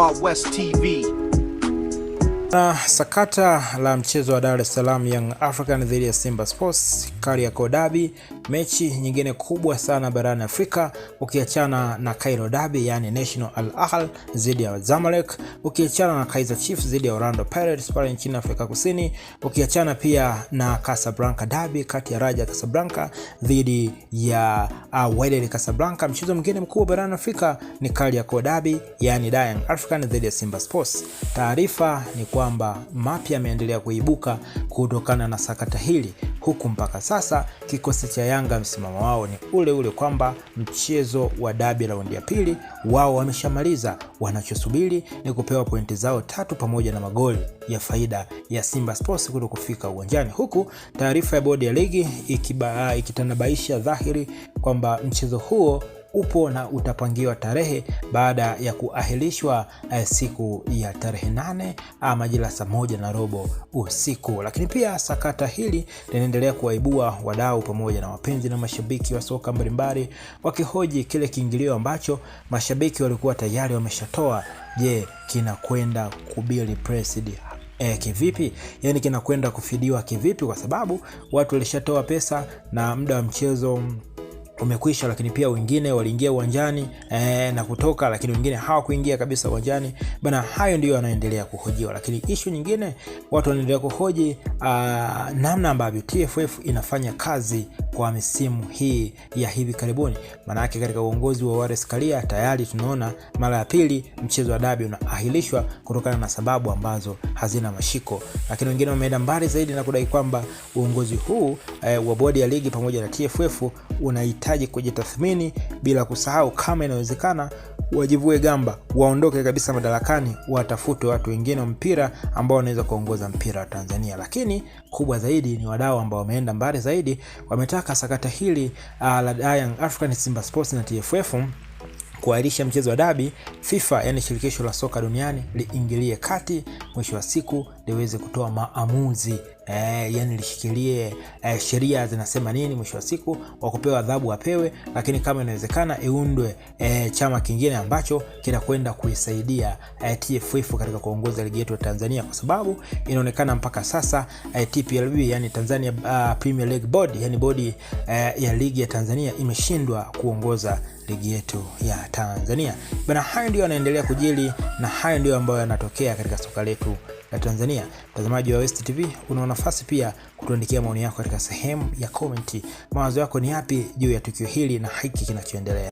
Wild West TV. Na sakata la mchezo wa Dar es Salaam Young African dhidi ya Simba Sports Kariakoo Derby, mechi nyingine kubwa sana barani Afrika ukiachana na Cairo Derby, yani National Al Ahly dhidi ya Zamalek, ukiachana na Kaizer Chiefs dhidi ya Orlando Pirates pale nchini Afrika Kusini, ukiachana pia na Casablanca Derby kati ya Raja Casablanca dhidi ya uh, Wydad Casablanca. Mchezo mwingine mkubwa barani Afrika ni Kariakoo Derby, yani Young African dhidi ya Simba Sports. Taarifa ni kwa kwamba mapya yameendelea kuibuka kutokana na sakata hili, huku mpaka sasa kikosi cha Yanga msimamo wao ni ule ule kwamba mchezo wa dabi raundi ya pili wao wameshamaliza. Wanachosubiri ni kupewa pointi zao tatu pamoja na magoli ya faida ya Simba Sports kuto kufika uwanjani, huku taarifa ya bodi ya ligi ikitanabaisha dhahiri kwamba mchezo huo upo na utapangiwa tarehe baada ya kuahirishwa eh, siku ya tarehe nane ama ah, majira saa moja na robo usiku. Lakini pia sakata hili linaendelea kuwaibua wadau pamoja na wapenzi na mashabiki wa soka mbalimbali, wakihoji kile kiingilio ambacho mashabiki walikuwa tayari wameshatoa. Je, kinakwenda kubili presid E, eh, kivipi? yani kinakwenda kufidiwa kivipi? Kwa sababu watu walishatoa pesa na muda wa mchezo umekwisha, lakini pia wengine waliingia uwanjani e, na kutoka, lakini wengine hawakuingia kabisa uwanjani bana. Hayo ndiyo yanaendelea kuhojiwa, lakini ishu nyingine watu wanaendelea kuhoji ah, namna ambavyo TFF inafanya kazi kwa misimu hii ya hivi karibuni. Maanake katika uongozi wa wares Karia tayari tunaona mara ya pili mchezo wa dabi unaahilishwa kutokana na sababu ambazo hazina mashiko, lakini wengine wameenda mbali zaidi na kudai kwamba uongozi huu e, wa bodi ya ligi pamoja na TFF unahitaji kujitathmini, bila kusahau kama inawezekana wajivue gamba, waondoke kabisa madarakani, watafute watu wengine wa mpira ambao wanaweza kuongoza mpira wa Tanzania. Lakini kubwa zaidi ni wadau ambao wameenda mbali zaidi, wametaka sakata hili uh, la Young African, Simba Sports na TFF kuahirisha mchezo wa dabi, FIFA yani shirikisho la soka duniani liingilie kati, mwisho wa siku liweze kutoa maamuzi eh, yani lishikilie eh, sheria zinasema nini, mwisho wa siku wa kupewa adhabu apewe, lakini kama inawezekana iundwe eh, chama kingine ambacho kinakwenda kuisaidia eh, TFF katika kuongoza ligi yetu ya Tanzania, kwa sababu inaonekana mpaka sasa eh, TPLB yani Tanzania uh, Premier League Board yani bodi eh, ya ligi ya Tanzania imeshindwa kuongoza ligi yetu ya Tanzania bana. Hayo ndio yanaendelea kujili na hayo ndio ambayo yanatokea katika soka letu la Tanzania. Mtazamaji wa West TV, una nafasi pia kutuandikia maoni yako katika sehemu ya komenti. Mawazo yako ni yapi juu ya tukio hili na hiki kinachoendelea?